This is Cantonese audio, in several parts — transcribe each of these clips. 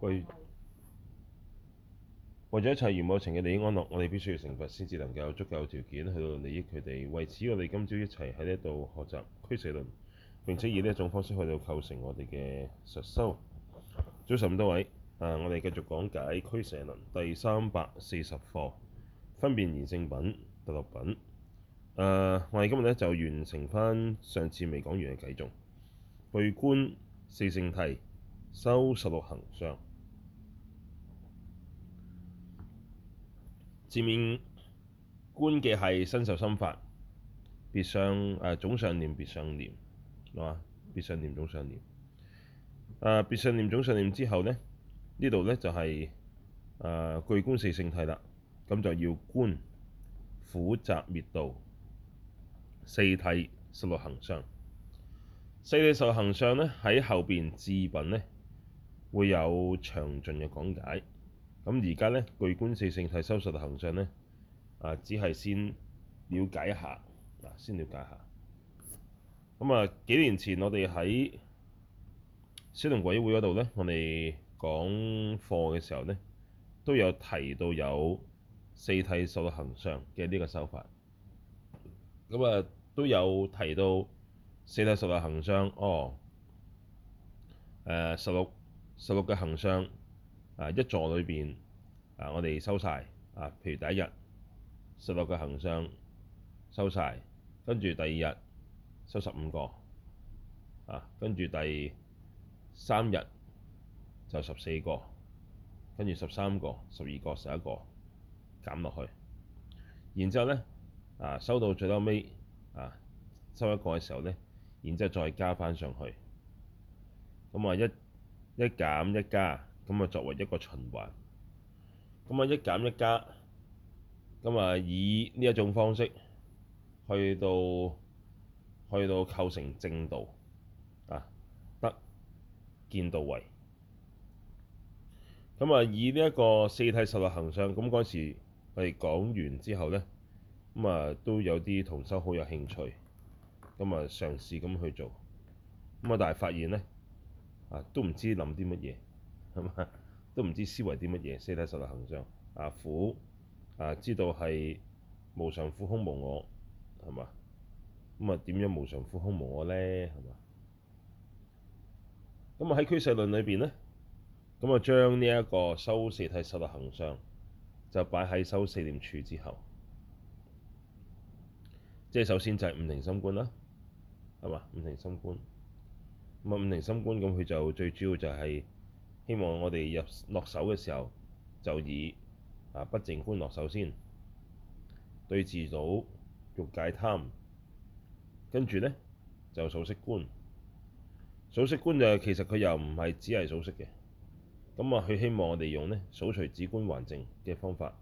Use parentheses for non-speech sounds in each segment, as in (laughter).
為咗一切願望情嘅利益安樂，我哋必須要成佛，先至能夠有足夠條件去到利益佢哋。為此，我哋今朝一齊喺呢度學習《俱舍論》，並且以呢一種方式去到構成我哋嘅實修。早晨，咁多位，啊，我哋繼續講解《俱舍論》第三百四十課，分別賢聖品、第六品。誒、啊，我哋今日咧就完成翻上次未講完嘅偈，仲具觀四聖諦，修十六行相。前面觀嘅係身受心法，別相誒、呃、總相念，別相念係嘛？別相念總相念誒、呃，別相念總相念之後呢，呢度呢就係誒具觀四聖諦啦。咁就要觀苦集滅道，四諦十六行相。四諦十六行相呢，喺後邊智品呢，會有詳盡嘅講解。咁而家咧，具觀四聖諦修十六嘅行相咧，啊，只係先了解一下，嗱，先了解一下。咁啊，幾年前我哋喺小龍鬼友會嗰度咧，我哋講課嘅時候咧，都有提到有四諦十六行相嘅呢個修法。咁啊，都有提到四諦十六行相，哦，誒、呃，十六十六嘅行相，啊、呃，一座裏邊。啊！我哋收晒，啊，譬如第一日十六個行相收晒，跟住第二日收十五個啊，跟住第三日就十四個，跟住十三個、十二個、十一個減落去，然之後呢，啊，收到最後尾啊收一個嘅時候呢，然之後再加翻上去，咁啊一一減一加，咁啊作為一個循環。咁啊一減一加，咁啊以呢一種方式去到去到構成正道啊，得見道位。咁啊以呢一個四諦十六行相，咁嗰時我哋講完之後咧，咁啊都有啲同修好有興趣，咁啊嘗試咁去做，咁啊但係發現咧啊都唔知諗啲乜嘢，係嘛？都唔知思維啲乜嘢，四諦十六行相阿苦啊，知道係無常苦空無我係嘛？咁啊點樣無常苦空無我咧？係嘛？咁啊喺俱舍論裏邊咧，咁啊將呢一個修四諦十六行相就擺喺修四念處之後，即係首先就係五停心觀啦，係嘛？五停心觀，咁啊五停心觀，咁佢就最主要就係。希望我哋入落手嘅時候就以啊不淨觀落手先，對治到欲界貪，跟住呢，就數息觀。數息觀就其實佢又唔係只係數息嘅，咁啊佢希望我哋用咧數隨止觀還淨嘅方法。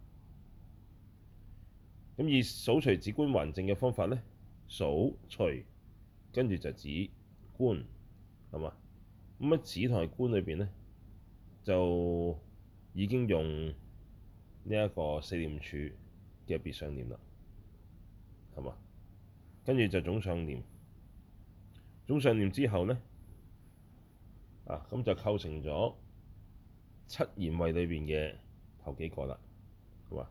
咁以數隨止觀還淨嘅方法呢，數隨跟住就止觀係嘛？咁啊止同係觀裏邊呢？就已經用呢一個四念處嘅別相念啦，係嘛？跟住就總相念，總相念之後咧，啊咁就構成咗七賢位裏邊嘅頭幾個啦，係嘛？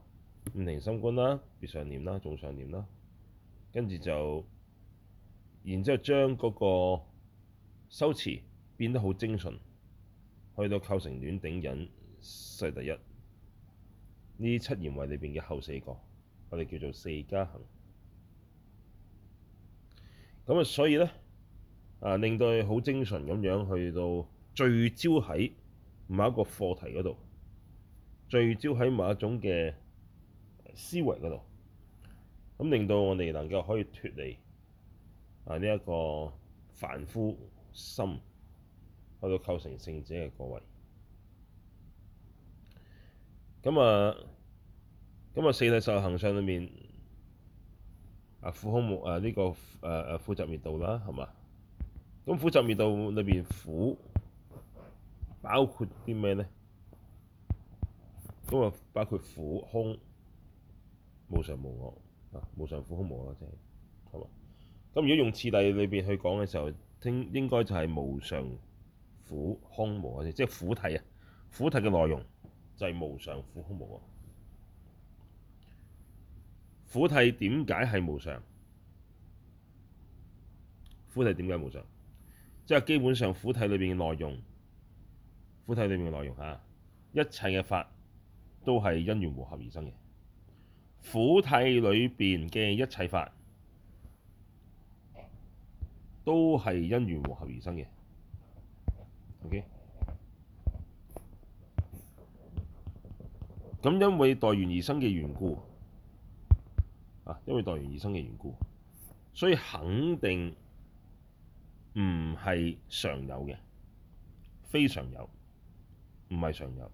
五停心觀啦，別相念啦，總相念啦，跟住就，然之後將嗰個修持變得好精純。去到構成煖頂忍世第一，呢七賢位裏邊嘅後四個，我哋叫做四加行。咁啊，所以咧啊，令到佢好精神咁樣去到聚焦喺某一個課題嗰度，聚焦喺某一種嘅思維嗰度，咁啊，令到我哋能夠可以脫離啊呢一個凡夫心。去到構成聖者嘅各位咁啊，咁啊，四諦十六行相裏面啊苦空無啊呢、這個誒誒苦集滅道啦，係、啊、嘛？咁苦集滅道裏邊苦包括啲咩咧？咁啊，包括苦空無常無我啊，無常苦空無我即係係嘛？咁如果用次第裏邊去講嘅時候，聽應該就係無常。苦空無啊！即係苦諦啊！苦諦嘅內容就係無常、苦、空、無啊！苦諦點解係無常？苦諦點解無常？即係基本上苦諦裏邊嘅內容，苦諦裏邊嘅內容嚇，一切嘅法都係因緣和合而生嘅。苦諦裏邊嘅一切法都係因緣和合而生嘅。o、okay。咁因為待緣而生嘅緣故，啊，因為待緣而生嘅緣故，所以肯定唔係常有嘅，非常有，唔係常有。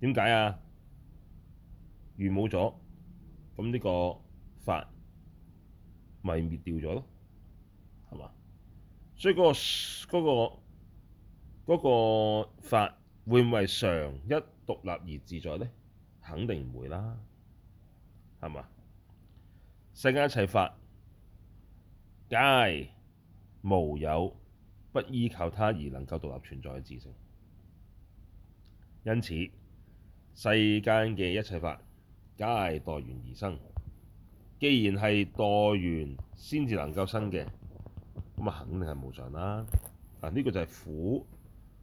點解啊？緣冇咗，咁呢個法咪滅掉咗咯。所以嗰個嗰個嗰個法會唔會常一獨立而自在呢？肯定唔會啦，係嘛？世間一切法皆無有不依靠他而能夠獨立存在嘅自性，因此世間嘅一切法皆係待緣而生。既然係待緣先至能夠生嘅。咁啊，這個、是啊肯定係無常啦！嗱，呢個就係苦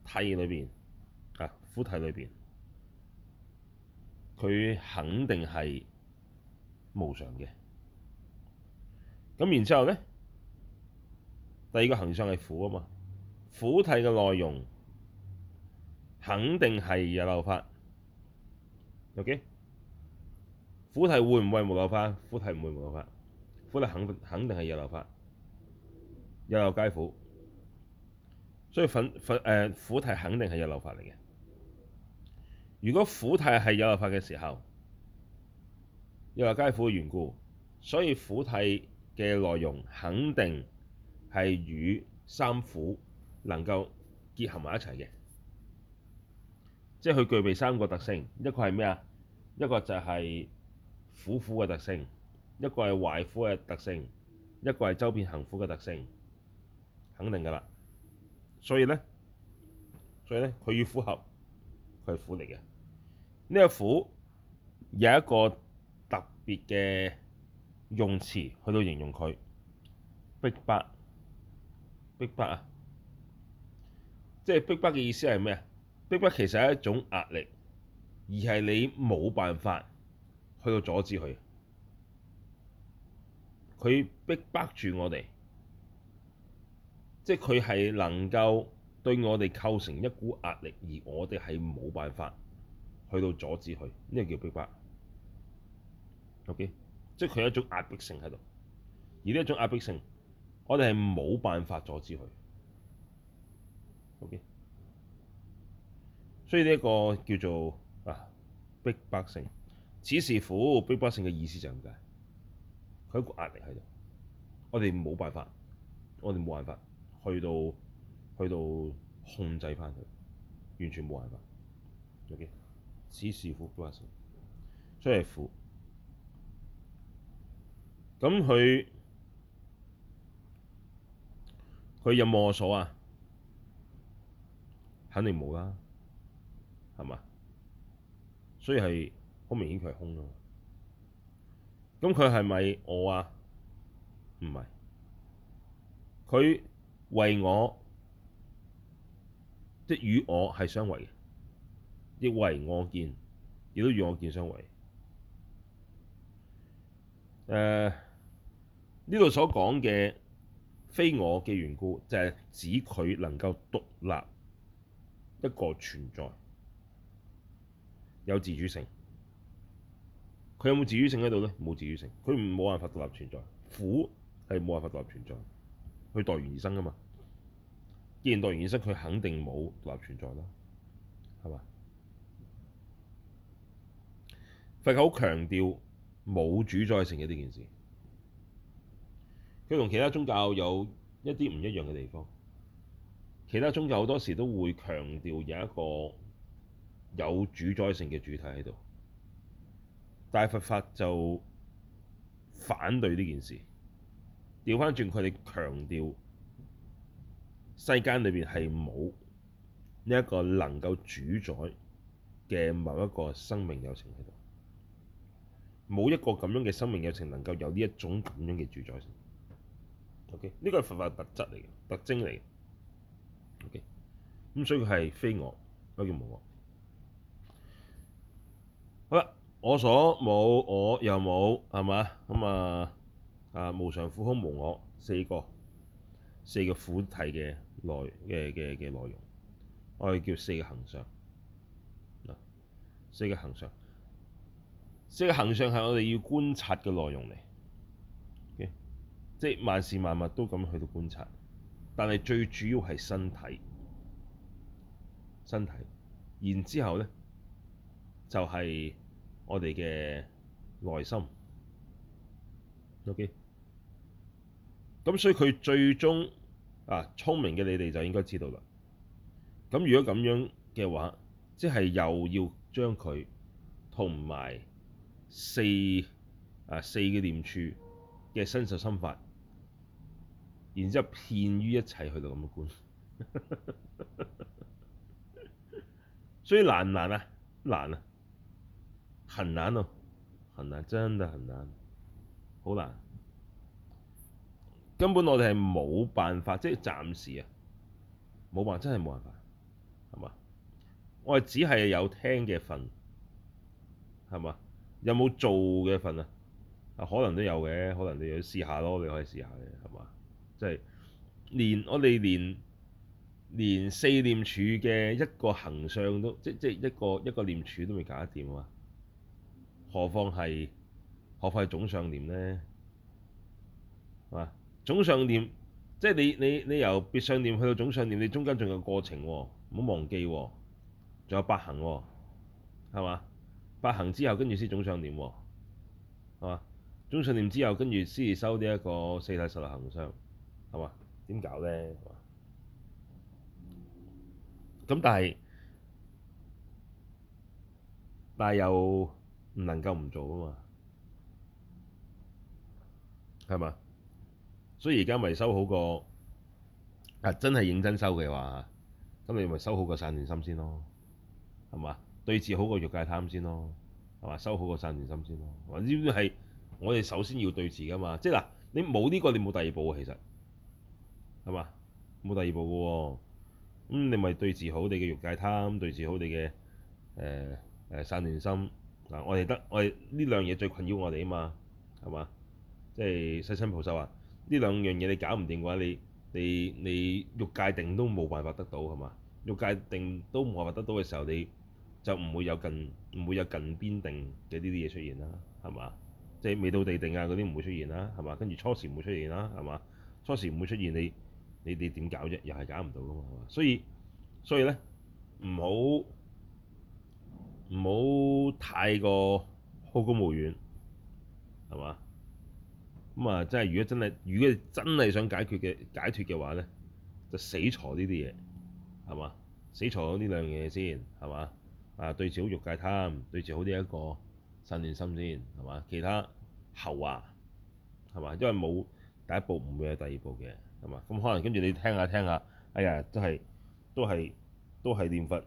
諦裏邊啊，苦諦裏邊，佢肯定係無常嘅。咁然之後咧，第二個行相係苦啊嘛，苦諦嘅內容肯定係有漏法，OK？苦諦會唔會冇漏法？苦諦唔會冇漏法，苦諦肯肯定係有漏法。OK？有漏皆苦，所以粉粉誒苦諦、呃、肯定係有漏法嚟嘅。如果苦諦係有漏法嘅時候，有漏皆苦嘅緣故，所以苦諦嘅內容肯定係與三苦能夠結合埋一齊嘅，即係佢具備三個特性：一個係咩啊？一個就係苦苦嘅特性，一個係壞苦嘅特性，一個係周遍行苦嘅特性。肯定嘅啦，所以咧，所以咧，佢要符合，佢係苦嚟嘅。呢個苦有一個特別嘅用詞去到形容佢，逼迫，逼迫啊！即係逼迫嘅意思係咩啊？逼迫其實係一種壓力，而係你冇辦法去到阻止佢，佢逼迫住我哋。即係佢係能夠對我哋構成一股壓力，而我哋係冇辦法去到阻止佢。呢個叫逼迫，OK？即係佢有一種壓迫性喺度，而呢一種壓迫性，我哋係冇辦法阻止佢，OK？所以呢一個叫做啊逼迫性，此時苦逼迫性嘅意思就係咁解，佢一股壓力喺度，我哋冇辦法，我哋冇辦法。去到去到控制翻佢，完全冇辦法。左肩，此事苦多，所以係苦，咁，佢佢有冇我所啊？肯定冇啦、啊，係嘛？所以係好明顯，佢係空咯。咁佢係咪我啊？唔係，佢，為我，即係與我係相違嘅，亦為我見，亦都與我見相違。誒、呃，呢度所講嘅非我嘅緣故，就係、是、指佢能夠獨立一個存在，有自主性。佢有冇自主性喺度呢？冇自主性，佢唔冇辦法獨立存在。苦係冇辦法獨立存在，佢待緣而生噶嘛。既然多元，佢肯定冇獨立存在啦，係嘛？佛教好強調冇主宰性嘅呢件事，佢同其他宗教有一啲唔一樣嘅地方。其他宗教好多時都會強調有一個有主宰性嘅主體喺度，但係佛法就反對呢件事，調翻轉佢哋強調。世間裏面係冇呢一個能夠主宰嘅某一個生命有情喺度，冇一個咁樣嘅生命有情能夠有呢一種咁樣嘅主宰性。O.K. 呢個係佛法嘅特質嚟嘅，特徵嚟嘅。O.K. 咁所以佢係非我，不叫無我。好啦，我所冇，我又冇，係嘛？咁啊啊無常、苦、空、無我，四個四個苦諦嘅。內嘅嘅嘅內容，我哋叫四個行相。嗱，四個行相，四個行相係我哋要觀察嘅內容嚟嘅，即係，OK？萬事萬物都咁去到觀察，但係最主要係身體，身體，然之後咧就係我哋嘅內心。OK，咁所以佢最終。啊，聰明嘅你哋就應該知道啦。咁如果咁樣嘅話，即係又要將佢同埋四啊四嘅念處嘅身受心法，然之後遍於一切去到咁嘅觀， (laughs) 所以難唔難啊？難啊，很難咯、啊，很難，真的很難，好難。根本我哋係冇辦法，即係暫時啊，冇辦，真係冇辦法，係嘛？我哋只係有聽嘅份，係嘛？有冇做嘅份啊？可能都有嘅，可能你要試下咯，你可以試下嘅，係嘛？即係連我哋連連四念處嘅一個行相都，即即係一個一個念處都未搞得掂啊，何況係何況係總相念呢？係嘛？總上念，即係你你你由別上念去到總上念，你中間仲有個過程喎，唔好忘記喎，仲有八行喎，係嘛？八行之後跟住先總上念喎，係嘛？總上念之後跟住先收呢一個四諦十六行相，係嘛？點搞咧？咁但係但係又唔能夠唔做啊嘛，係嘛？所以而家咪收好個啊！真係認真收嘅話，咁你咪收好個散亂心先咯，係嘛？對治好個欲界貪先咯，係嘛？收好個散亂心先咯，呢啲係我哋首先要對治噶嘛？即係嗱，你冇呢、這個，你冇第二步啊。其實係嘛？冇第二步嘅喎、哦。咁你咪對治好你嘅欲界貪，對治好你嘅誒誒散亂心嗱。我哋得我哋呢樣嘢最困擾我哋啊嘛，係嘛？即係世親普修話。呢兩樣嘢你搞唔掂嘅話，你你你欲界定都冇辦法得到係嘛？欲界定都冇辦法得到嘅時候，你就唔會有近唔會有近邊定嘅呢啲嘢出現啦，係嘛？即係未到地定啊嗰啲唔會出現啦，係嘛？跟住初時唔會出現啦，係嘛？初時唔會出現你你你點搞啫？又係搞唔到㗎嘛，係嘛？所以所以咧唔好唔好太過好高騖遠，係嘛？咁啊，真係如果真係，如果你真係想解決嘅解脫嘅話咧，就死除呢啲嘢係嘛？死除呢兩樣嘢先係嘛啊，對住好慾界貪，對住好呢一個瞋念心先係嘛，其他後話係嘛，因為冇第一步，唔會有第二步嘅係嘛，咁可能跟住你聽下聽下，哎呀，都係都係都係念佛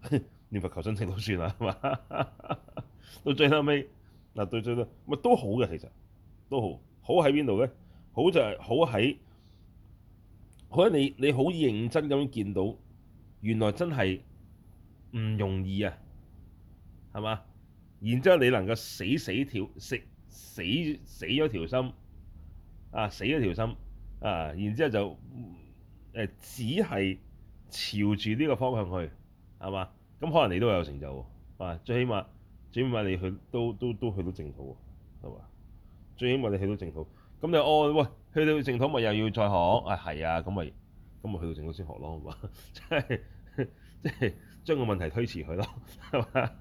(laughs) 念佛求生性都算啦係嘛，到最後尾嗱，到最後咪都好嘅其實。都好，好喺邊度咧？好就係好喺好喺你你好認真咁見到，原來真係唔容易啊，係嘛？然之後你能夠死死條死死死咗條心啊，死咗條心啊，然之後就誒、呃、只係朝住呢個方向去係嘛？咁可能你都係有成就啊，最起碼最起碼你去都都都，都去到正途喎，係嘛？最起碼你去到淨土，咁你就哦，喂，去到淨土咪又要再學啊？係啊，咁咪咁咪去到淨土先學咯，係嘛？即係即係將個問題推遲佢咯，係嘛？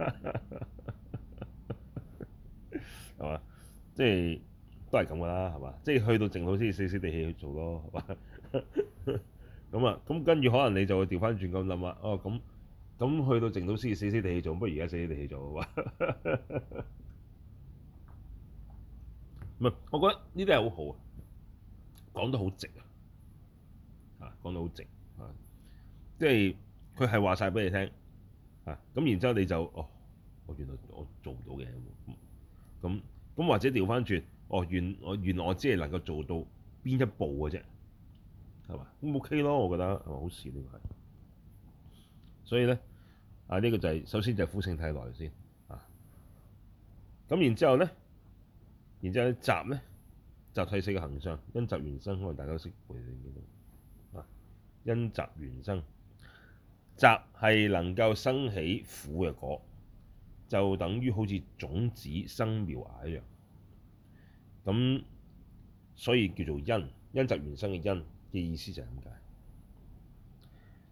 即係、 (laughs) 就是、都係咁噶啦，係嘛？即、就、係、是、去到淨土先死死地氣去做咯，係嘛？咁 (laughs) 啊，咁跟住可能你就會調翻轉咁諗啊，哦咁咁去到淨土先死死地氣做，不如而家死死地氣做好啊？ (laughs) 唔係，我覺得呢啲係好好啊，講得好直啊，嚇講得好直啊，即係佢係話晒俾你聽啊，咁然之後你就哦，我原來我做唔到嘅，咁、嗯、咁或者調翻轉，哦原我原來我只係能夠做到邊一步嘅啫，係嘛，都、嗯、OK 咯，我覺得係咪好事呢？呢個係，所以咧啊呢、呢個就係、是、首先就係呼聲太耐先啊，咁然之後咧。然之後，集呢，集諦四個行相，因集緣生，可能大家都識背啊。因集緣生，集係能夠生起苦嘅果，就等於好似種子生苗芽一樣。咁所以叫做因，因集緣生嘅因嘅意思就係咁解。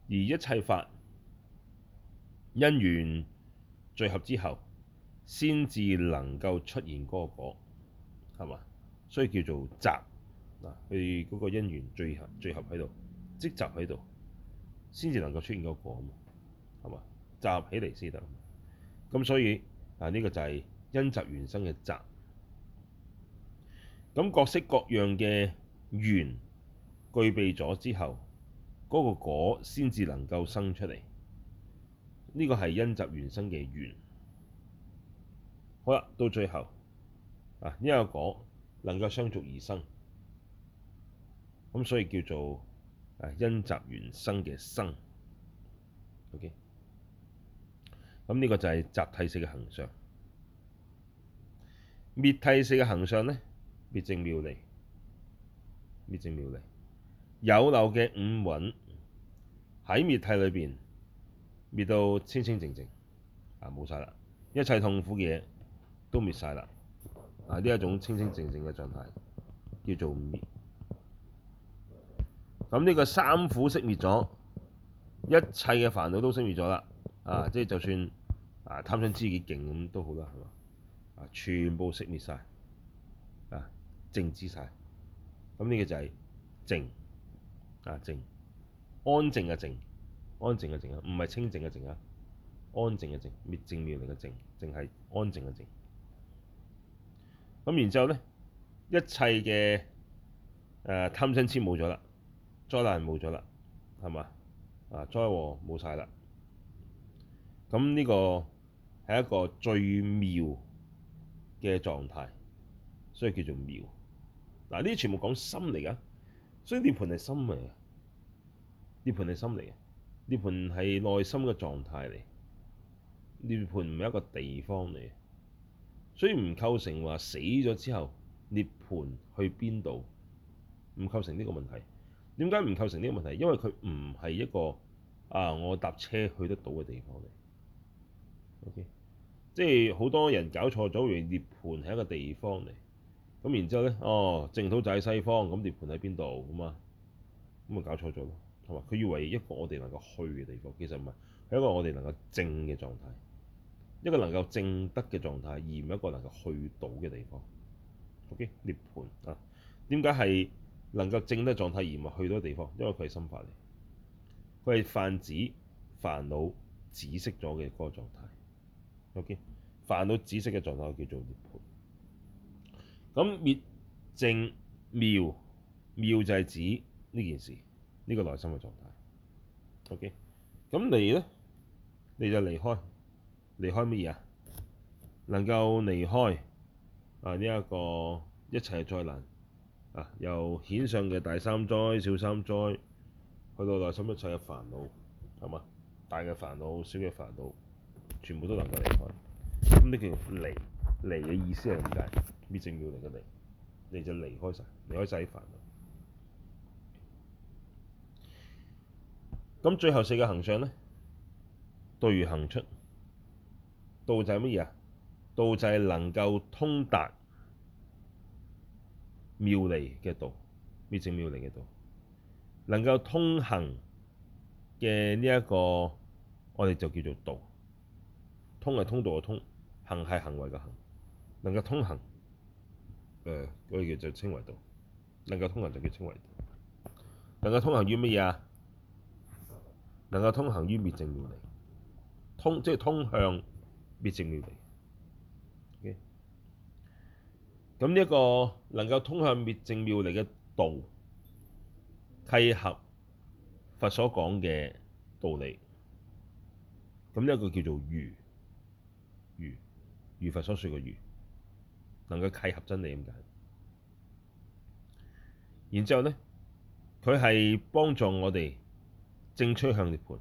而一切法因緣聚合之後，先至能夠出現嗰個果。係嘛？所以叫做集。嗱，佢嗰個因緣聚合，聚合喺度，積集喺度，先至能夠出現個果啊嘛，係嘛？集起嚟先得，咁所以啊，呢個就係因集緣生嘅集。咁各式各樣嘅緣具備咗之後，嗰個果先至能夠生出嚟。呢個係因集緣生嘅緣。好啦，到最後。啊！呢個果能夠相續而生，咁所以叫做啊因集緣生嘅生。OK，咁呢個就係集諦四嘅行相。滅諦四嘅行相呢，滅靜妙離，滅靜妙離。有漏嘅五蘊喺滅諦裏邊滅到清清淨淨啊，冇晒啦！一切痛苦嘅嘢都滅晒啦。係呢、啊、一種清清靜靜嘅狀態，叫做滅。咁呢個三苦熄滅咗，一切嘅煩惱都熄滅咗啦。啊，即就算啊貪嗔知己勁咁都好啦，係嘛？啊，全部熄滅晒，啊，靜止晒。咁呢個就係靜，啊靜，安靜嘅靜，安靜嘅靜啊，唔係清靜嘅靜啊，安靜嘅靜，靜，安正妙靈嘅靜，安係安靜嘅靜。咁然之後咧，一切嘅誒、呃、貪瞋痴冇咗啦，災難冇咗啦，係嘛？啊災禍冇晒啦，咁呢個係一個最妙嘅狀態，所以叫做妙。嗱，呢啲全部講心嚟噶，所以涅槃係心嚟嘅，涅槃係心嚟嘅，涅槃係內心嘅狀態嚟，涅槃唔係一個地方嚟。所以唔構成話死咗之後，涅槃去邊度？唔構成呢個問題。點解唔構成呢個問題？因為佢唔係一個啊，我搭車去得到嘅地方嚟。O.K.，即係好多人搞錯咗，以為涅槃係一個地方嚟。咁然之後呢，哦，淨土就喺西方，咁涅槃喺邊度？咁啊，咁啊搞錯咗咯。同埋佢以為一個我哋能夠去嘅地方，其實唔係，係一個我哋能夠靜嘅狀態。一個能夠證得嘅狀態，而唔一個能夠去到嘅地方。OK，涅槃啊？點解係能夠證得嘅狀態，而唔係去到嘅地方？因為佢係心法嚟，佢係泛指煩惱止息咗嘅嗰個狀態。OK，煩惱止息嘅狀態叫做涅槃。咁滅靜妙妙就係指呢件事呢、這個內心嘅狀態。OK，咁離咧，離就離開。離開乜嘢啊？能夠離開啊，呢一個一切嘅災難，由顯上嘅大三災、小三災，去到內心一切嘅煩惱，係嘛？大嘅煩惱、小嘅煩惱，全部都能夠離開。咁呢叫離，離嘅意思係點解？滅靜妙離嘅離，你就離開晒，離開晒啲煩惱。咁最後四個行相咧，道如行出。道就係乜嘢啊？道就係能夠通達妙離嘅道，滅靜妙離嘅道，能夠通行嘅呢一個，我哋就叫做道。通係通道嘅通，行係行為嘅行，能夠通行，誒、呃，我哋叫做稱為道。能夠通行就叫稱為道。能夠通行於乜嘢啊？能夠通行於滅靜妙離，通即係、就是、通向。滅靜妙離，OK？咁呢一個能夠通向滅靜妙離嘅道，契合佛所講嘅道理，咁呢一個叫做如，如如佛所說嘅如，能夠契合真理咁解。然之後呢，佢係幫助我哋正趨向涅槃。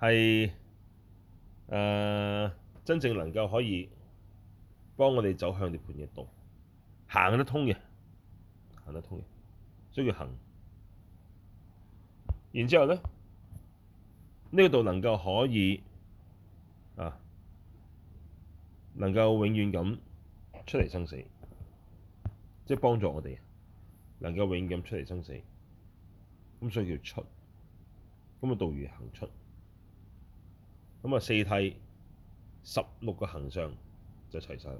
係。誒，uh, 真正能夠可以幫我哋走向涅槃嘅道，行得通嘅，行得通嘅，所以叫行。然之後咧，呢度能夠可以啊，能夠永遠咁出離生死，即係幫助我哋，能夠永遠咁出離生死，咁所以叫出，咁啊道如行出。咁啊，四替十六個行相就齊晒啦。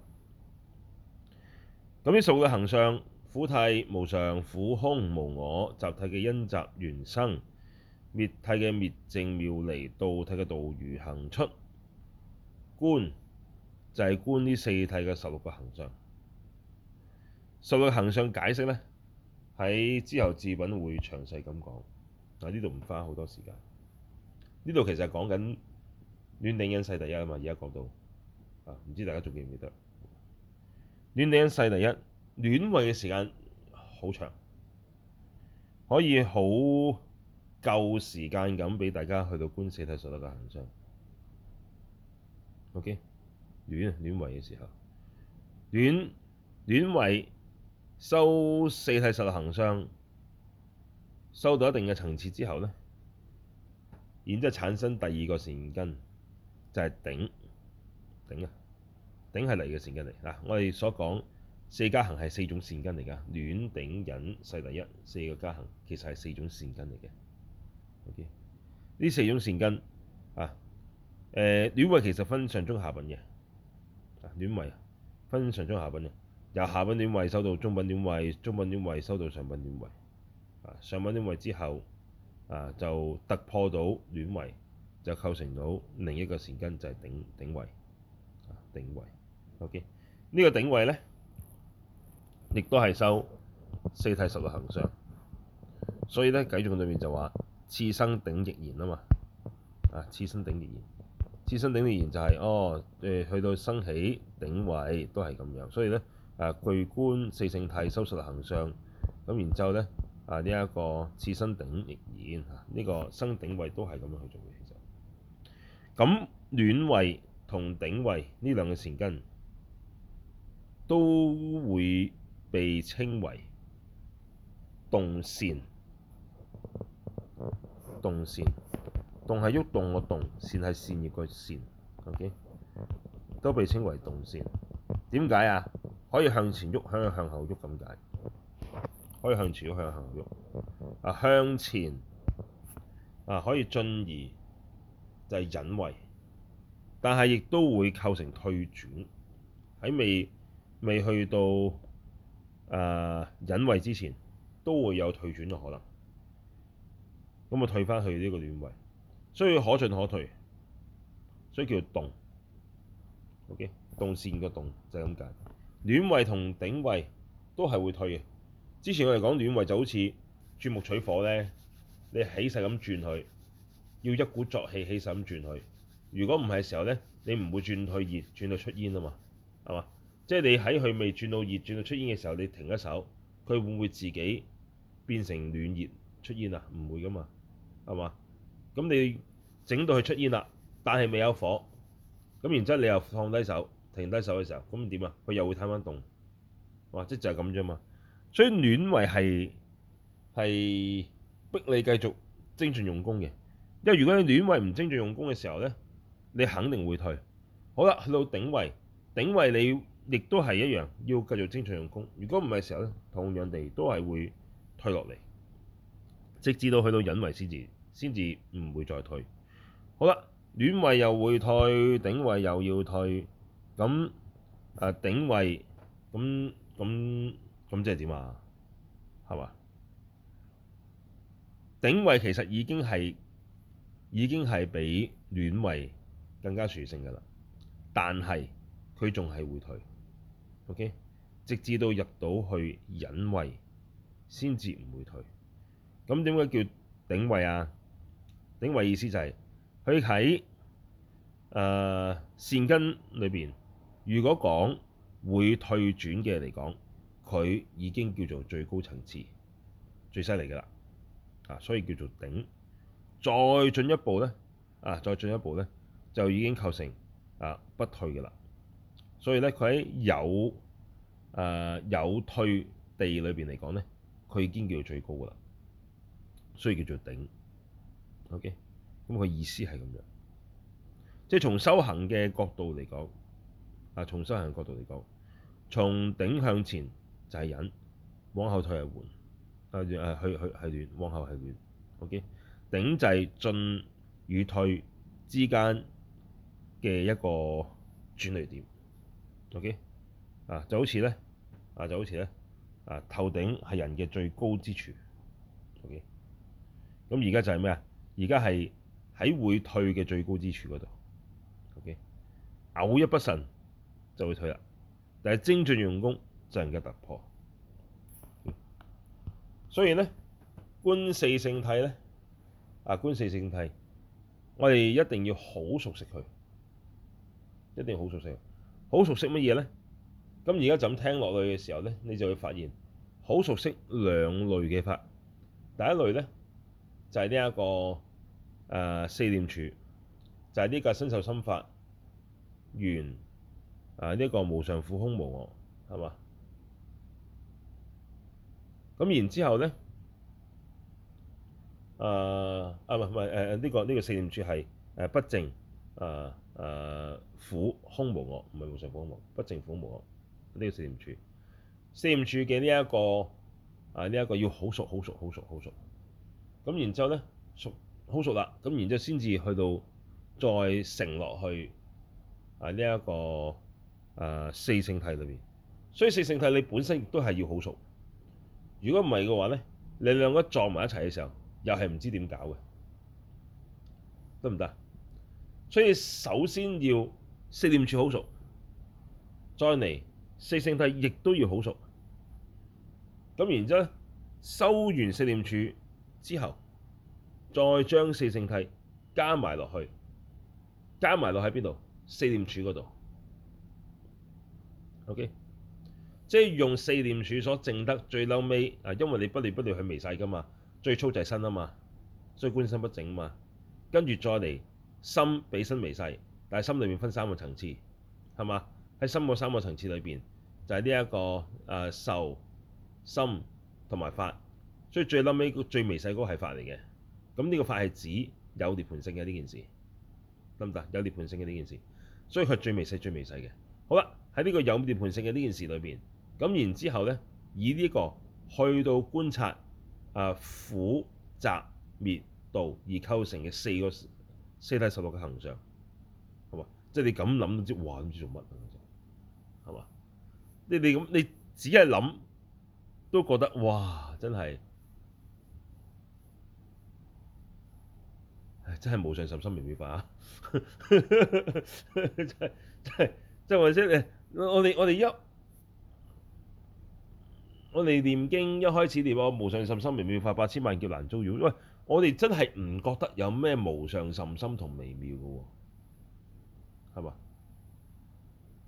咁啲數嘅行相，苦替無常、苦、空、無我，集替嘅因集緣生，滅替嘅滅正妙離，道替嘅道如行出。觀就係、是、觀呢四替嘅十六個行相。數嘅行相解釋呢，喺之後字品會詳細咁講，嗱，呢度唔花好多時間。呢度其實講緊。煖頂忍世第一啊嘛！而家講到唔知大家仲記唔記得煖頂忍世第一，煖位嘅時間好長，可以好夠時間咁畀大家去到觀四諦十六個行相。OK，煖煖位嘅時候，煖煖位修四諦十六行相，修到一定嘅層次之後呢，然之後產生第二個善根。就係頂頂啊！頂係嚟嘅善根嚟嗱，我哋所講四加行係四種善根嚟㗎，暖頂忍世第一，四個加行其實係四種善根嚟嘅。OK，呢四種善根啊，誒暖位其實分上中下品嘅，暖位分上中下品嘅，由下品暖位收到中品暖位，中品暖位收到上品暖位，啊上品暖位之後啊就突破到暖位。就構成到另一個善根，就係頂頂位，啊頂位，OK 個位呢個頂位咧，亦都係修四諦十六行相，所以咧《偈頌》裏面就話：次生頂亦然啊嘛，啊次生頂亦然，次生頂亦然就係、是、哦誒、呃，去到生起頂位都係咁樣。所以咧啊，具觀四聖諦修十六行相，咁然之後咧啊呢一、這個次生頂亦然，嚇，呢個生頂位都係咁樣去做嘅。咁暖位同頂位呢兩個善根都會被稱為動善，動善，動係喐動個動，善係善業個善，OK，都被稱為動善。點解啊？可以向前喐，向向後喐咁解，可以向前喐，向後喐。啊，向前啊，可以進而。就係忍位，但係亦都會構成退轉，喺未未去到誒、呃、忍位之前，都會有退轉嘅可能。咁啊，退翻去呢個暖位，所以可進可退，所以叫做動。OK，動善個動就係咁解。暖位同頂位都係會退嘅。之前我哋講暖位就好似鑽木取火咧，你起勢咁轉佢，要一鼓作氣，氣勢咁轉去。如果唔係嘅時候呢，你唔會轉去熱，轉到出煙啊嘛，係嘛？即係你喺佢未轉到熱，轉到出煙嘅時候，你停一手，佢會唔會自己變成暖熱出煙啊？唔會噶嘛，係嘛？咁你整到佢出煙啦，但係未有火，咁然之後你又放低手，停低手嘅時候，咁點啊？佢又會睇翻凍，即就係咁啫嘛。所以暖位係係逼你繼續精進用功嘅。因為如果你暖位唔精進用功嘅時候呢，你肯定會退。好啦，去到頂位，頂位你亦都係一樣要繼續精進用功。如果唔係時候呢，同樣地都係會退落嚟，直至到去到忍位先至先至唔會再退。好啦，暖位又會退，頂位又要退，咁誒、呃、頂位咁咁咁即係點啊？係嘛？頂位其實已經係。已經係比暖位更加殊勝㗎啦，但係佢仲係會退，OK？直至到入到去忍位先至唔會退。咁點解叫頂位啊？頂位意思就係佢喺誒善根裏邊，如果講會退轉嘅嚟講，佢已經叫做最高層次、最犀利㗎啦，啊，所以叫做頂。再進一步咧，啊，再進一步咧，就已經構成啊不退嘅啦。所以咧，佢喺有誒有退地裏邊嚟講咧，佢已經叫做最高噶啦，所以叫做頂。OK，咁佢意思係咁樣的，即係從修行嘅角度嚟講，啊，從修行角度嚟講，從頂向前就係忍，往後退係緩，啊，誒，去去係緩，往後係緩。OK。頂際，進與退之間嘅一個轉捩點。O.K. 啊，就好似咧，啊就好似咧，啊頭頂係人嘅最高之處。O.K. 咁而家就係咩啊？而家係喺會退嘅最高之處嗰度。O.K. 偶一不慎就會退啦，但係精進用功就能夠突破。OK? 所以咧，觀四聖諦咧。啊！觀四聖諦，我哋一定要好熟悉佢，一定好熟悉。好熟悉乜嘢咧？咁而家就咁聽落去嘅時候咧，你就會發現好熟悉兩類嘅法。第一類咧就係呢一個誒、呃、四念處，就係、是、呢個身受心法、緣誒呢個無常苦空無我，係嘛？咁然之後咧。誒啊，唔係唔係誒呢個呢、這個四念處係誒不正誒誒、啊啊、苦空無我，唔係無上果無不正苦無我呢、這個四念處。四念處嘅呢一個誒呢一個要好熟好熟好熟好熟。咁然之後咧熟好熟啦，咁然之後先至去到再承落去誒呢一個誒、啊、四聖諦裏邊。所以四聖諦你本身亦都係要好熟。如果唔係嘅話咧，你兩個撞埋一齊嘅時候。又係唔知點搞嘅，得唔得？所以首先要四念處好熟，再嚟四聖諦亦都要好熟。咁然之後咧，修完四念處之後，再將四聖諦加埋落去，加埋落喺邊度？四念處嗰度。OK，即係用四念處所淨得最嬲尾啊！因為你不離不離係微細噶嘛。最粗就係身啊嘛，所以觀身不淨啊嘛，跟住再嚟心比身微細，但係心裏面分三個層次，係嘛？喺心嗰三個層次裏邊就係呢一個誒、呃、受心同埋法，所以最撚尾最微細嗰個係法嚟嘅。咁呢個法係指有涅槃性嘅呢件事，得唔得？有涅槃性嘅呢件事，所以佢最微細、最微細嘅。好啦，喺呢個有涅槃性嘅呢件事裏邊，咁然之後呢，以呢、呢個去到觀察。啊苦、集、滅、道而構成嘅四個四諦十六嘅行相，係嘛？即係你咁諗，唔知玩唔知做乜啊，係嘛？你哋咁，你只係諗都覺得哇！真係真係無上甚深微妙法啊！真係真係即係話先誒，我哋我哋一。我哋念經一開始念話無上甚深微妙法，八千萬劫難遭遇，喂！我哋真係唔覺得有咩無上甚深同微妙嘅喎，係嘛？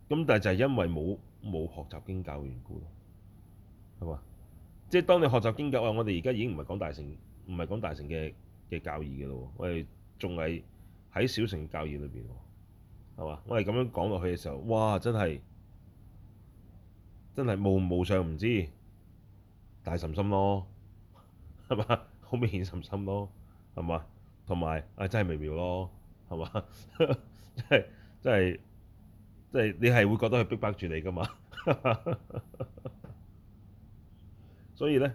咁但係就係因為冇冇學習經教嘅緣故咯，係嘛？即係當你學習經教啊，我哋而家已經唔係講大乘，唔係講大乘嘅嘅教義嘅咯，我哋仲係喺小乘教義裏邊，係嘛？我哋咁樣講落去嘅時候，哇！真係真係無無上唔知。大神心咯，係嘛？好明顯神心咯，係嘛？同埋啊，真係微妙咯，係嘛？ (laughs) 真係真係真係，你係會覺得佢逼迫住你噶嘛？ (laughs) 所以咧，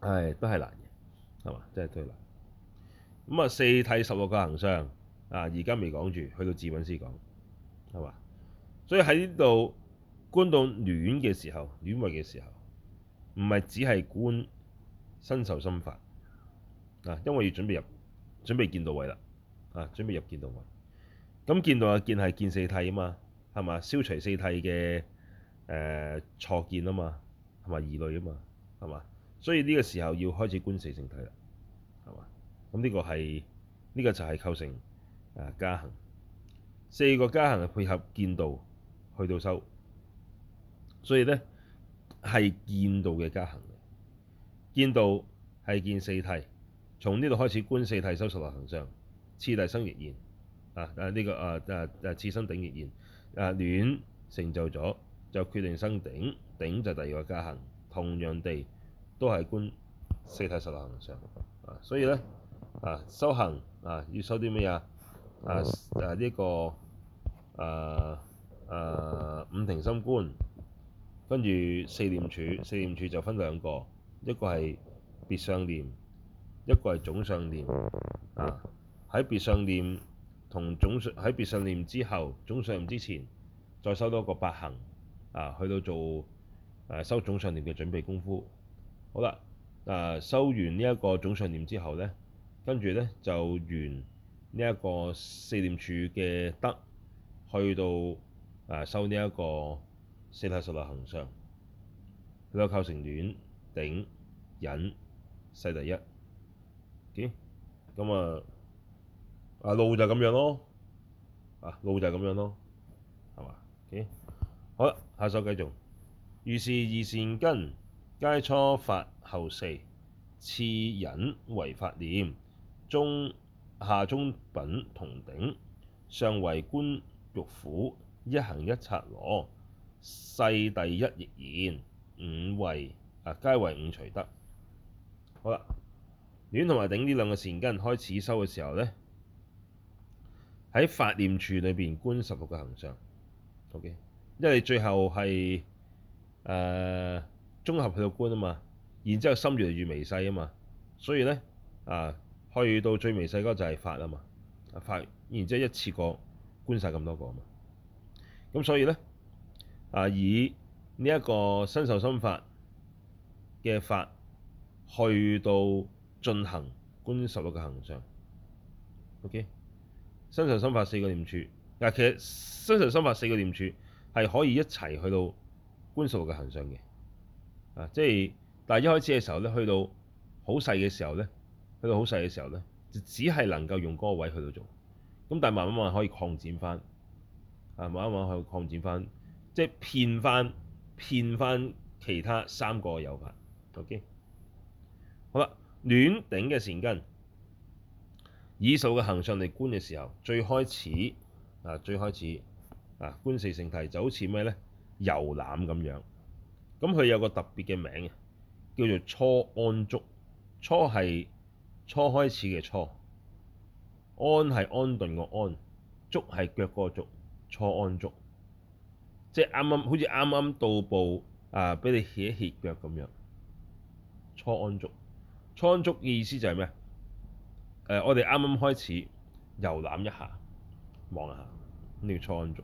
唉，都係難嘅，係嘛？真係都難。咁啊，四諦十六個行相啊，而家未講住，去到智敏師講，係嘛？所以喺呢度觀到暖嘅時候，暖位嘅時候。唔係只係觀身受心法啊，因為要準備入，準備見道位啦啊，準備入見道位。咁見道啊，見係見四諦啊嘛，係嘛？消除四諦嘅、呃、錯見啊嘛，同埋疑慮啊嘛，係嘛？所以呢個時候要開始觀四聖諦啦，係嘛？咁呢個呢、呢個、就係構成啊加、呃、行，四個加行配合見道去到收，所以咧。係見道嘅加行，見道係見四諦，從呢度開始觀四諦修十六行相，次第生亦然。啊、這個、啊呢個啊啊啊次生頂亦然，啊暖成就咗就決定生頂，頂就第二個加行，同樣地都係觀四諦十六行相，啊所以咧啊修行啊要修啲乜嘢？啊啊呢、這個啊啊五停心觀。跟住四念住，四念住就分兩個，一個係別相念，一個係總相念。啊，喺別相念同總相喺別相念之後，總相念之前，再收多個八行，啊，去到做誒、啊、收總相念嘅準備功夫。好啦，嗱、啊、收完呢一個總相念之後咧，跟住咧就完呢一個四念住嘅得，去到誒、啊、收呢、這、一個。四諦十六行相，佢有構成暖、暖頂忍世第一。咁、OK? 啊路就咁樣咯，啊、路就咁樣咯，係嘛？OK? 好啦，下首繼續。如是二善根皆初法後四次忍唯法念中下中品同頂上唯觀欲苦一行一剎那。世第一亦然，五位啊，皆慧五除得。好啦，煖同埋頂呢兩個善根開始修嘅時候咧，喺法念處裏邊觀十六個行相。O.K.，因為最後係誒綜合去到觀啊嘛，然之後心越嚟越微細啊嘛，所以咧啊去到最微細嗰個就係法啊嘛，法，然之後一次過觀晒咁多個啊嘛，咁所以咧。啊！以呢一個身受心法嘅法去到進行觀十六嘅行相。O.K. 身受心法四個念處。嗱，其實身受心法四個念處係可以一齊去到觀十六嘅行相嘅。啊，即係但係一開始嘅時候咧，去到好細嘅時候咧，去到好細嘅時候咧，就只係能夠用嗰個位去到做。咁但慢慢慢可以擴展翻，啊，慢慢慢去擴展翻。即係騙翻、騙翻其他三個有法，OK 好。好啦，暖頂嘅善根，以十六嘅行相嚟觀嘅時候，最開始啊，最開始啊，觀四聖諦就好似咩咧？遊覽咁樣。咁佢有個特別嘅名嘅，叫做初安足。初係初開始嘅初，安係安頓個安，足係腳個足，初安足。即係啱啱好似啱啱到步啊，俾你歇一歇腳咁樣。初安足，初安足嘅意思就係咩、呃、我哋啱啱開始遊覽一下，望一下，呢叫初安足。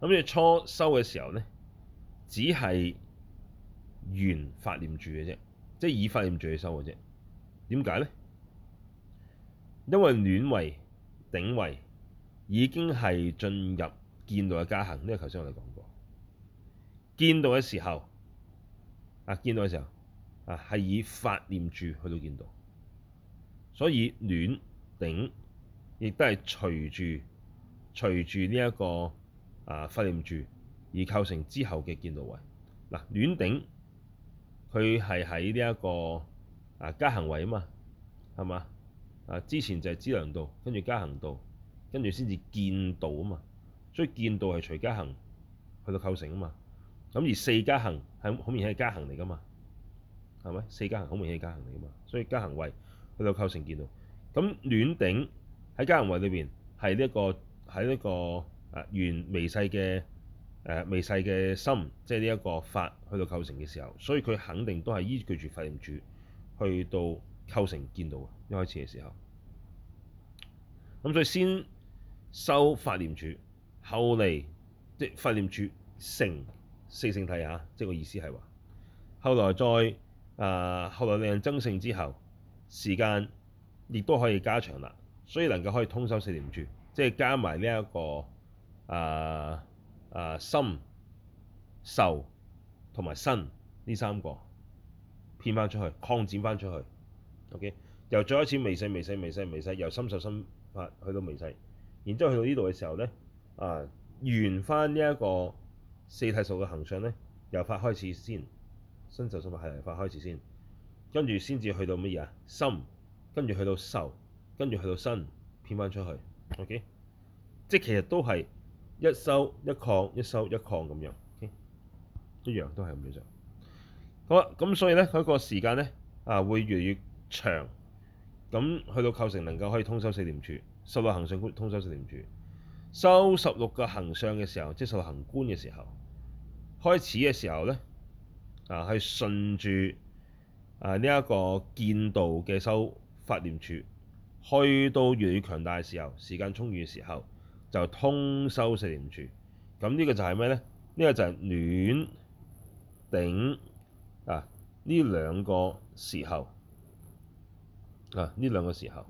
咁、嗯、你初修嘅時候呢，只係緣法念住嘅啫，即係以法念住去修嘅啫。點解呢？因為煖位頂位已經係進入。見道嘅加行，呢個頭先我哋講過，見道嘅時候，啊見道嘅時候啊係以法念住去到見道。所以煖頂亦都係隨住隨住呢一個啊法念住而構成之後嘅見道位。嗱，煖頂佢係喺呢一個啊加行位啊嘛，係嘛，啊之前就係資糧道，跟住加行道，跟住先至見道啊嘛。所以見道係隨加行去到構成啊嘛，咁而四加行係好明顯係加行嚟噶嘛，係咪四加行好明顯係加行嚟噶嘛？所以加行位去到構成見道，咁煖頂喺加行位裏邊係呢一個喺呢、呢個啊原微細嘅誒、啊、微細嘅心，即係呢一個法去到構成嘅時候，所以佢肯定都係依據住法念住去到構成見道嘅一開始嘅時候，咁所以先收法念住。後嚟即係法念住成四聖諦下即係個意思係話。後來再誒、呃，後來令人增盛之後，時間亦都可以加長啦，所以能夠可以通修四念住，即係加埋呢一個誒誒、呃呃、心受同埋身呢三個編翻出去，擴展翻出去。O.K. 由最開始微，微細微細微細微細，由身受心法去到微細，然之後去到呢度嘅時候咧。啊，完翻呢一個四諦數嘅行相咧，由法開始先，身受心法係法開始先，跟住先至去到乜嘢啊？心，跟住去到受，跟住去到身，偏翻出去。OK，即係其實都係一收一擴，一收一擴咁樣。OK，一樣都係咁樣上。好啦、啊，咁所以咧，佢、嗰個時間咧啊，會越嚟越長。咁去到構成能夠可以通修四念處，行相通修四念處。修十六個行相嘅時候，即係行觀嘅時候，開始嘅時候呢，啊係順住啊呢一、這個見道嘅修法念處，去到越嚟越強大嘅時候，時間充裕嘅時候，就通修四念處。咁、啊、呢、這個就係咩呢？呢、這個就係暖頂啊呢兩個時候啊呢兩個時候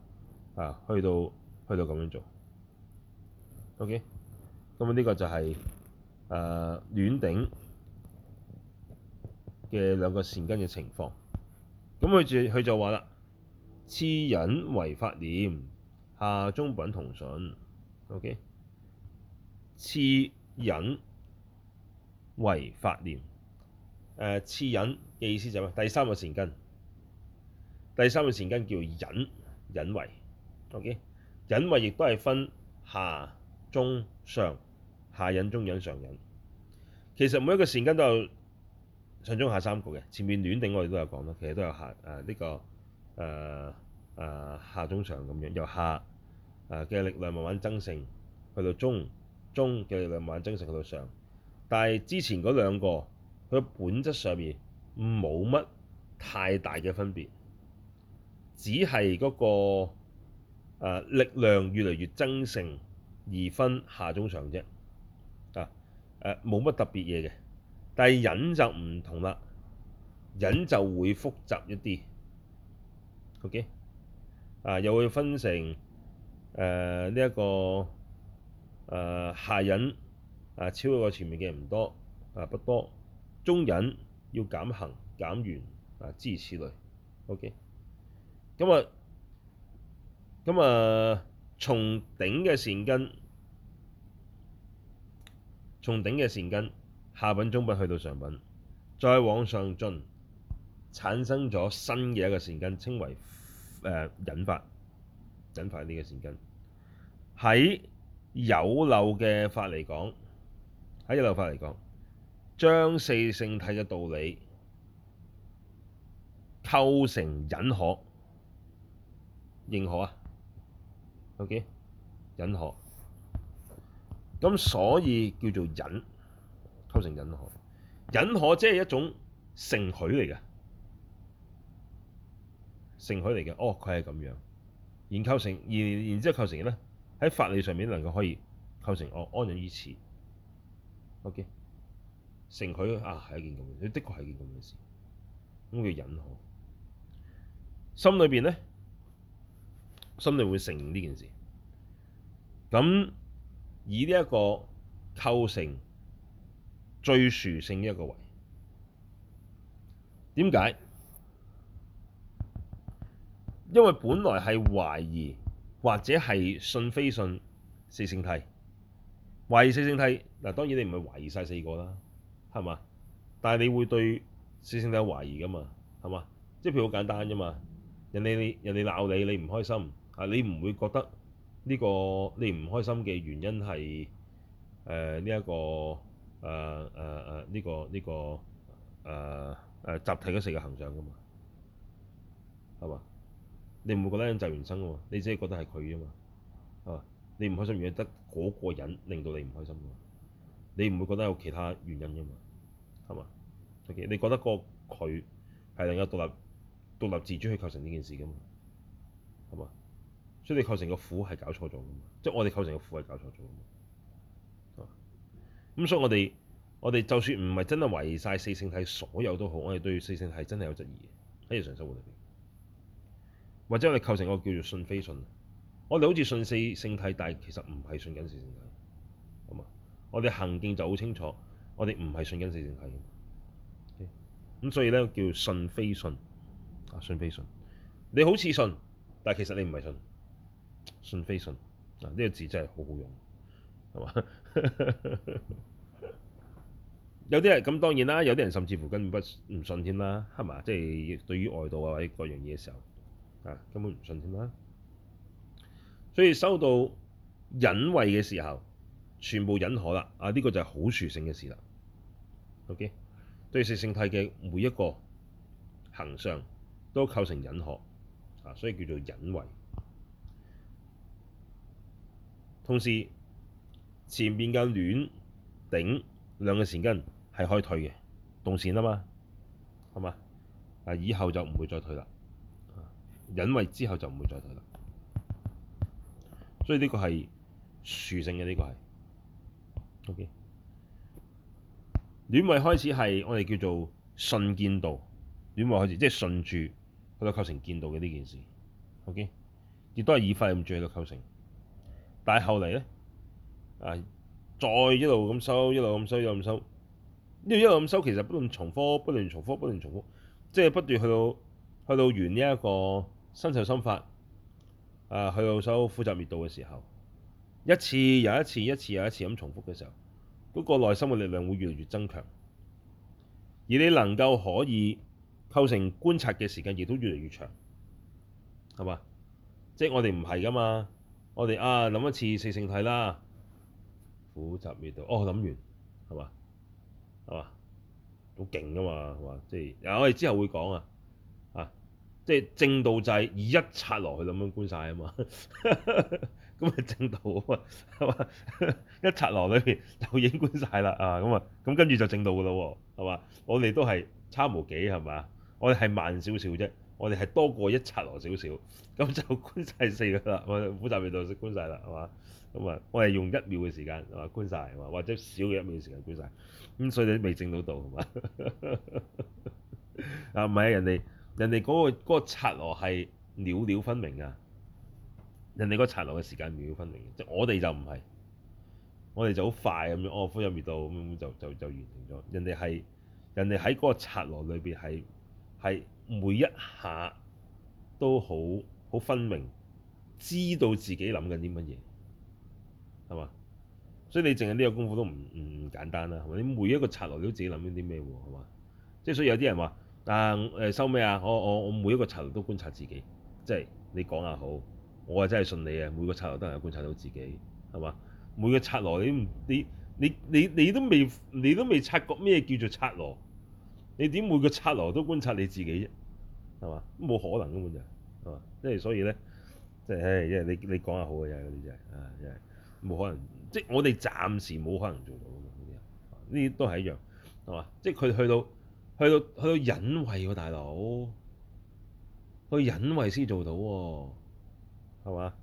啊去到去到咁樣做。OK，咁呢個就係誒煖頂嘅兩個善根嘅情況。咁佢就佢就話啦，次忍唯法念，下中品同頂。OK，次忍唯法念，誒次忍嘅意思就係咩？第三個善根，第三個善根叫做忍，忍唯 OK，忍唯亦都係分下。中上，下忍、中忍、上忍，其實每一個善根都有上、中、下三個嘅。前面煖頂我哋都有講啦，其實都有下誒呢、呢個誒誒、呃呃、下中上咁樣由下誒嘅力量慢慢增盛，去到中中嘅力量慢慢增盛去到上，但係之前嗰兩個佢本質上面冇乜太大嘅分別，只係嗰、嗰個、呃、力量越嚟越增盛。而分下中上啫，啊冇乜，啊、特別嘢嘅，但係忍就唔同啦，忍就會複雜一啲，OK，啊又會分成誒呢、呃這個啊啊、一個誒下忍啊超過前面嘅唔多啊不多，中忍要減行減緣，啊之類此類 OK 咁啊咁啊。啊啊從頂嘅善根，從頂嘅善根，下品中品去到上品，再往上進，產生咗新嘅一個善根，稱為、呃、忍法，忍法呢個善根。喺有漏嘅法嚟講，喺有漏法嚟講，將四聖諦嘅道理構成忍可，認可啊！O.K. 忍可，咁所以叫做忍，構成忍可。忍可即係一種承許嚟嘅，承許嚟嘅。哦，佢係咁樣，然後構成，然然之後構成咧，喺法理上面能夠可以構成哦安忍於此。O.K. 承許啊，係一件咁嘅嘢，的確係一件咁嘅事。咁叫忍可，心裏邊咧。心裏會承認呢件事，咁以呢一個構成最殊勝一個位，點解？因為本來係懷疑或者係信非信四聖諦，懷疑四聖諦嗱，當然你唔係懷疑晒四個啦，係嘛？但係你會對四聖諦懷疑噶嘛，係嘛？即係譬如好簡單啫嘛，人哋人哋鬧你，你唔開心。啊！你唔會覺得呢個你唔開心嘅原因係誒呢一個誒誒誒呢個呢、這個誒誒、呃啊、集諦嘅四個行相噶嘛？係嘛？你唔會覺得因集生緣嘅喎，你只係覺得係佢啫嘛。啊！你唔開心原因得嗰個人令到你唔開心嘅嘛？你唔會覺得有其他原因嘅嘛？係嘛？OK，你覺得嗰個佢係能夠獨立獨立自主去構成呢件事嘅嘛？係嘛？所以你構成個苦係搞錯咗嘅嘛，即係我哋構成個苦係搞錯咗嘅嘛，咁，所以我哋我哋就算唔係真係懷疑晒四聖諦，所有都好，我哋對四聖諦真係有質疑喺日常生活裏邊，或者我哋構成個叫做信非信，我哋好似信四聖諦，但係其實唔係信緊四聖諦，係嘛？我哋行徑就好清楚，我哋唔係信緊四聖諦咁、okay? 所以咧叫信非信啊，信非信，你好似信，但係其實你唔係信。信非信，啊、這、呢個字真係好好用，係嘛？ (laughs) 有啲人咁當然啦，有啲人甚至乎根本不唔信添啦，係嘛？即、就、係、是、對於外道啊或者各樣嘢嘅時候，啊根本唔信添啦。所以修到忍位嘅時候，全部忍可啦。啊呢、這個就係好殊勝嘅事啦。OK，對四聖諦嘅每一個行相都構成忍可，啊所以叫做忍位。同時，前面嘅暖頂兩個善根係可以退嘅動善啊嘛，係嘛？但以後就唔會再退啦。忍位之後就唔會再退啦。所以呢個係殊勝嘅呢、這個係。O.K. 暖位開始係我哋叫做順見道，暖位開始即係順住佢個構成見道嘅呢件事。O.K. 亦都係以快唔住佢個構成。但後嚟咧，啊，再一路咁收，一路咁收，一路咁收，呢個一路咁收，其實不斷重複，不斷重複，不斷重複，即係、就是、不斷去到去到完呢一個身受心法，啊，去到收複雜密度嘅時候，一次又一次，一次又一次咁重複嘅時候，嗰、那個內心嘅力量會越嚟越增強，而你能夠可以構成觀察嘅時間亦都越嚟越長，係、就是、嘛？即係我哋唔係噶嘛。我哋啊，諗一次四聖諦啦，苦集滅道。哦，諗完，係嘛？係嘛？好勁噶嘛，係嘛？即係，啊，我哋之後會講啊，啊，即係正道就係以一剎落去咁樣觀晒啊嘛，咁啊正道啊嘛，係嘛？一剎落裏邊就已經觀晒啦啊，咁啊，咁跟住就正道噶啦喎，係嘛、啊？我哋都係差無幾係嘛？我哋係慢少少啫。我哋係多過一剎那少少，咁就觀晒四個啦。我哋苦集滅道觀晒曬啦，係嘛？咁啊，我哋用一秒嘅時間，係嘛，觀曬，或者少嘅一秒嘅時間觀晒。咁所以你未正到道，係嘛？啊，唔係啊，人哋人哋嗰個嗰個剎那係了了分明啊！人哋嗰剎那嘅時間了了分明，即係我哋就唔係，我哋就好快咁樣哦，苦集滅道咁就就就完成咗。人哋係人哋喺嗰個剎那裏邊係。係每一下都好好分明，知道自己諗緊啲乜嘢，係嘛？所以你淨係呢個功夫都唔唔簡單啦，係嘛？你每一個剎那你都自己諗緊啲咩喎，係嘛？即係所以有啲人話，但係收咩啊？我我我每一個剎那都觀察自己，即係你講下好，我係真係信你嘅，每個剎那都能夠觀察到自己，係嘛？每個剎那你你你你你都未你都未察覺咩叫做剎那？你點每個剎那都觀察你自己啫，係嘛？冇可能，根本就係嘛？即係所以咧，即係唉，因為你你講下好嘅嘢嗰啲就係啊，真係冇可能，即係我哋暫時冇可能做到呢啲都係一樣係嘛，即係佢去到去到去到去到隱晦喎，大佬去隱晦先做到喎，係嘛？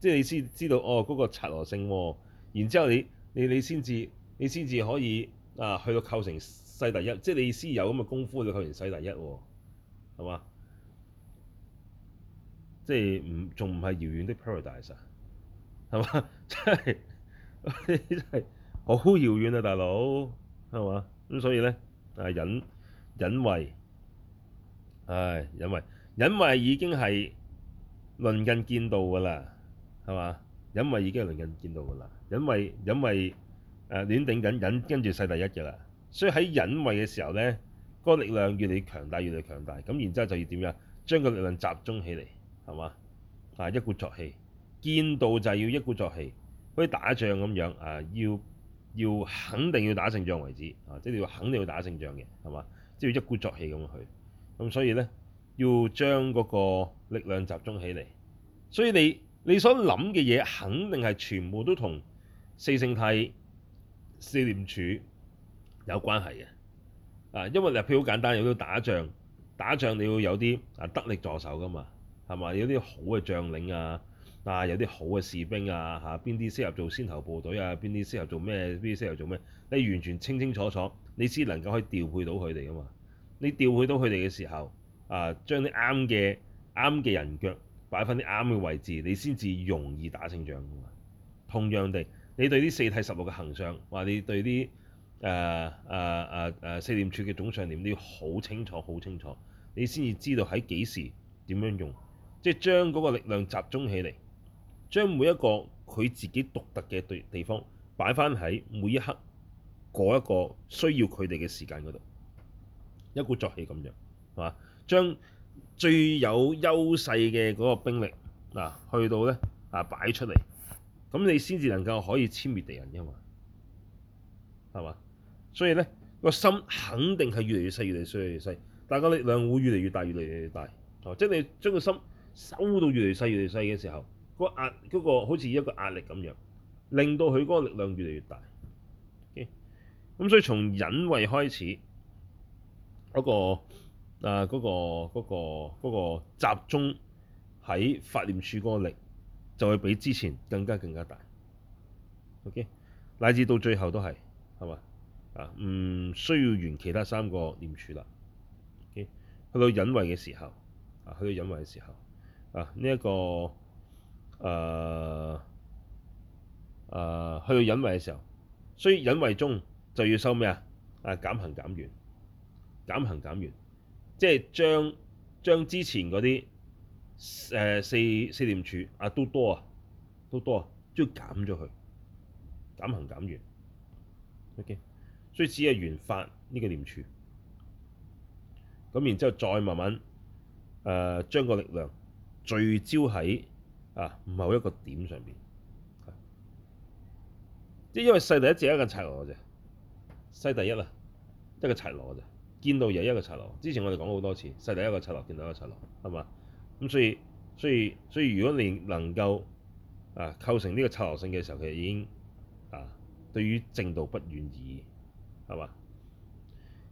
即係你先知道哦，嗰個剎那性喎，然之後你你你先至你先至可以啊，去到構成。世第一，即係你意思有咁嘅功夫，你去完世第一喎，係嘛？即係唔仲唔係遙遠的 Paradise？啊？係嘛？真係真係好遙遠啊，大佬係嘛？咁所以咧，啊忍忍位唉忍位忍位已經係鄰近見道㗎啦，係嘛？忍位已經係鄰近見道㗎啦，忍位忍位誒煖頂緊忍跟住世第一㗎啦。所以喺忍位嘅時候呢，嗰個力量越嚟越強大，越嚟越強大。咁然之後就要點樣？將個力量集中起嚟，係嘛？啊，一鼓作氣，見道就係要一鼓作氣，好似打仗咁樣啊！要要肯定要打勝仗為止啊！即係要肯定要打勝仗嘅，係嘛？即係要一鼓作氣咁去。咁所以呢，要將嗰個力量集中起嚟。所以你你所諗嘅嘢，肯定係全部都同四聖諦、四念住。有關係嘅，啊，因為入邊好簡單，又要打仗，打仗你要有啲啊得力助手噶嘛，係嘛？有啲好嘅將領啊，啊，有啲好嘅士兵啊，嚇邊啲適合做先頭部隊啊？邊啲適合做咩？邊啲適合做咩？你完全清清楚楚，你先能夠可以調配到佢哋噶嘛？你調配到佢哋嘅時候，啊，將啲啱嘅啱嘅人腳擺翻啲啱嘅位置，你先至容易打勝仗。同樣地，你對啲四諦十六嘅行相，話你對啲。誒誒誒誒，四念住嘅總相念，都要好清楚，好清楚，你先至知道喺幾時點樣用，即係將嗰個力量集中起嚟，將每一個佢自己獨特嘅對地方擺翻喺每一刻嗰一個需要佢哋嘅時間嗰度，一鼓作氣咁樣，係嘛？將最有優勢嘅嗰個兵力嗱、啊、去到咧啊擺出嚟，咁你先至能夠可以殲滅敵人嘅嘛，係嘛？所以呢個心肯定係越嚟越細，越嚟越細，越嚟越細。但個力量會越嚟越大，越嚟越大哦。即、就、係、是、你將個心收到越嚟越細，越嚟越細嘅時候，那個壓嗰、那個好似一個壓力咁樣，令到佢嗰個力量越嚟越大。咁、okay? 所以從忍位開始嗰、那個啊嗰、那個嗰、那個那個那個、集中喺法念住嗰個力，就會比之前更加更加大。OK，乃至到最後都係，係嘛。啊！唔需要緣其他三個念住啦。OK，去到忍位嘅時候，啊，去到忍位嘅時候，啊，呢、這、一個誒誒，去、啊啊、到忍位嘅時候，所以忍位中就要收咩啊？啊，減行減緣，減行減緣，即係將將之前嗰啲誒四四念住啊，都多啊，都多啊，都要減咗佢，減行減緣。OK。所以只係緣法呢個念處，咁然之後再慢慢誒將個力量聚焦喺啊，某一個點上邊。即係因為世第一隻係一個剎那嘅啫，世第一啊，一個剎那嘅啫。見到又一個剎那，之前我哋講好多次，世第一個剎那，見到一個剎那，係嘛？咁所以所以所以，所以所以如果你能夠啊構成呢個剎那性嘅時候，其實已經啊對於正道不願意。係嘛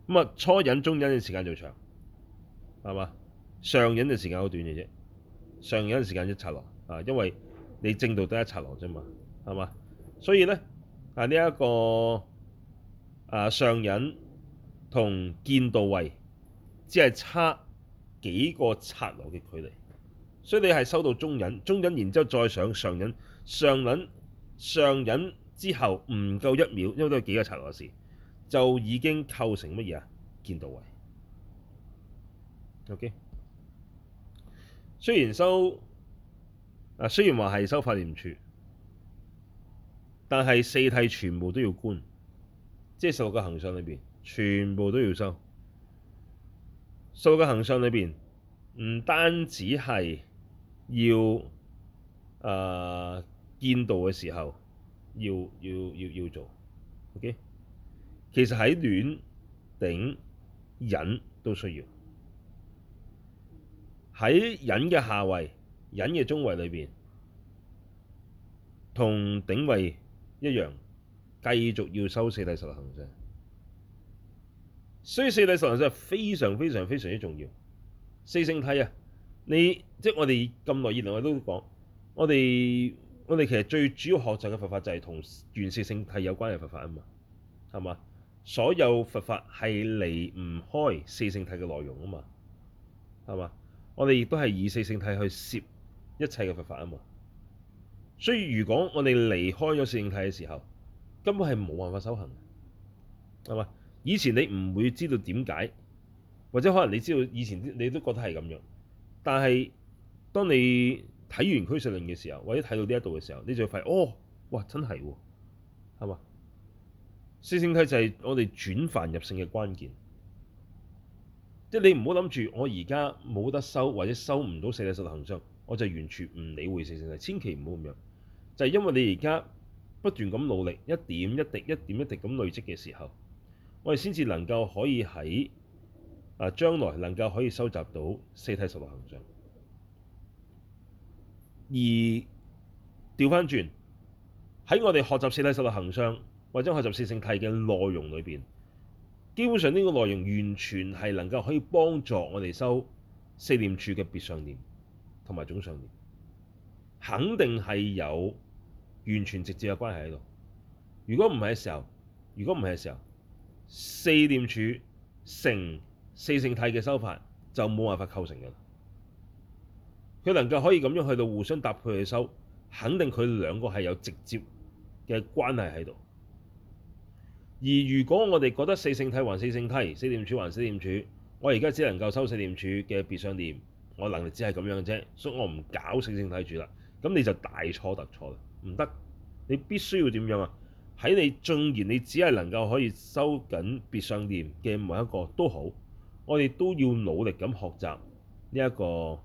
咁啊？初忍、中忍嘅時間就長係嘛？上忍嘅時間好短嘅啫。上忍時間一剎那啊，因為你正道得一剎那啫嘛，係嘛？所以咧啊，呢、這、一個啊上忍同見到位只係差幾個剎那嘅距離，所以你係收到中忍，中忍然之後再上上忍，上忍上忍之後唔夠一秒，因為都係幾個剎那嘅事。就已經構成乜嘢啊？見道位，OK。雖然收啊，雖然話係收法念住，但係四諦全部都要觀，即係十六個行相裏邊，全部都要收。十六個行相裏邊，唔單止係要啊、呃、見道嘅時候，要要要要做，OK。其實喺煖頂忍都需要喺忍嘅下位、忍嘅中位裏邊，同頂位一樣，繼續要修四諦十行嘅。所以四諦十行就係非常非常非常之重要。四聖諦啊，你即係我哋咁耐以來我都講，我哋我哋其實最主要學習嘅佛法就係同原始聖諦有關嘅佛法啊嘛，係嘛？所有佛法係離唔開四聖諦嘅內容啊嘛，係嘛？我哋亦都係以四聖諦去攝一切嘅佛法啊嘛。所以如果我哋離開咗四聖諦嘅時候，根本係冇辦法修行，係嘛？以前你唔會知道點解，或者可能你知道以前你都覺得係咁樣，但係當你睇完俱舍論嘅時候，或者睇到呢一度嘅時候，你就會發現哦，哇，真係喎，係嘛？四聖諦就係我哋轉凡入聖嘅關鍵，即係你唔好諗住我而家冇得收或者收唔到四諦十六行相，我就完全唔理會四聖諦，千祈唔好咁樣。就係因為你而家不斷咁努力，一點一滴、一點一滴咁累積嘅時候，我哋先至能夠可以喺啊將來能夠可以收集到四諦十六行相。而調翻轉喺我哋學習四諦十六行相，或者學習四聖諦嘅內容裏邊，基本上呢個內容完全係能夠可以幫助我哋修四念處嘅別相念同埋總相念，肯定係有完全直接嘅關係喺度。如果唔係嘅時候，如果唔係嘅時候，四念處成四聖諦嘅修法就冇辦法構成嘅。佢能夠可以咁樣去到互相搭配去修，肯定佢兩個係有直接嘅關係喺度。而如果我哋覺得四聖諦還四聖諦，四念住還四念住，我而家只能夠收四念住嘅別相念，我能力只係咁樣啫，所以我唔搞四聖諦住啦。咁你就大錯特錯啦，唔得！你必須要點樣啊？喺你縱然你只係能夠可以收緊別相念嘅每一個都好，我哋都要努力咁學習呢一個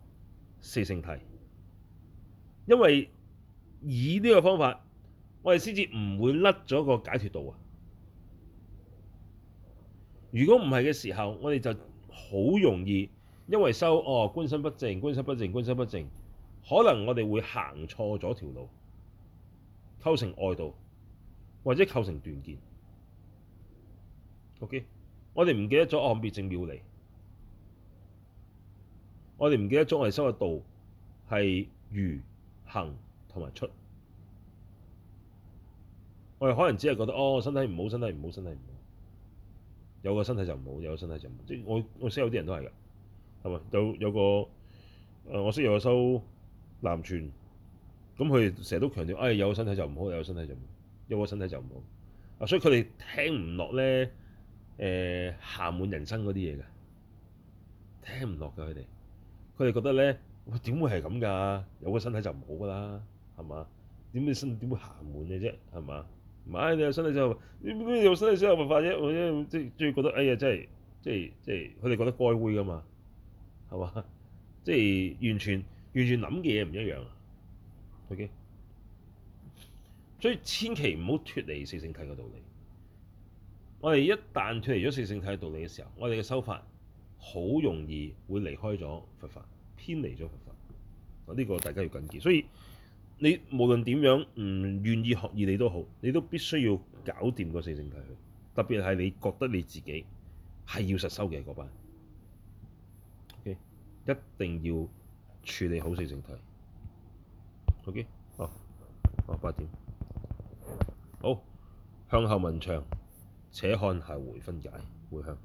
四聖諦，因為以呢個方法，我哋先至唔會甩咗個解脫道啊。如果唔係嘅時候，我哋就好容易因為修，哦，觀心不正，觀心不正，觀心不正，可能我哋會行錯咗條路，構成外道，或者構成斷見。OK，我哋唔記得咗哦，滅靜妙離。我哋唔記得咗我哋修嘅道係如行同埋出，我哋可能只係覺得哦，身體唔好，身體唔好，身體唔好。有個身體就唔好，有個身體就唔好，即係我我識有啲人都係嘅，係咪？有有個誒，我識有個修南傳，咁佢哋成日都強調，哎，有個身體就唔好，有個身體就唔好，有個身體就唔好，啊！所以佢哋聽唔落咧，誒、呃，圓滿人生嗰啲嘢嘅，聽唔落㗎佢哋，佢哋覺得咧，點會係咁㗎？有個身體就唔好㗎啦，係嘛？點會點會圓滿嘅啫，係嘛？唔係你有身體之後，你咩有身體傷害佛法啫，或者即係覺得哎呀，真係即係即係，佢哋覺得該會噶嘛，係嘛？即係完全完全諗嘅嘢唔一樣，OK。所以千祈唔好脫離四聖諦嘅道理。我哋一旦脫離咗四聖諦嘅道理嘅時候，我哋嘅修法好容易會離開咗佛法，偏離咗佛法。呢、這個大家要緊記，所以。你無論點樣唔願意學而你都好，你都必須要搞掂個四聖諦去。特別係你覺得你自己係要實修嘅嗰班，OK，一定要處理好四聖諦。OK，哦，哦八點，好向後文長，且看下回分解回向。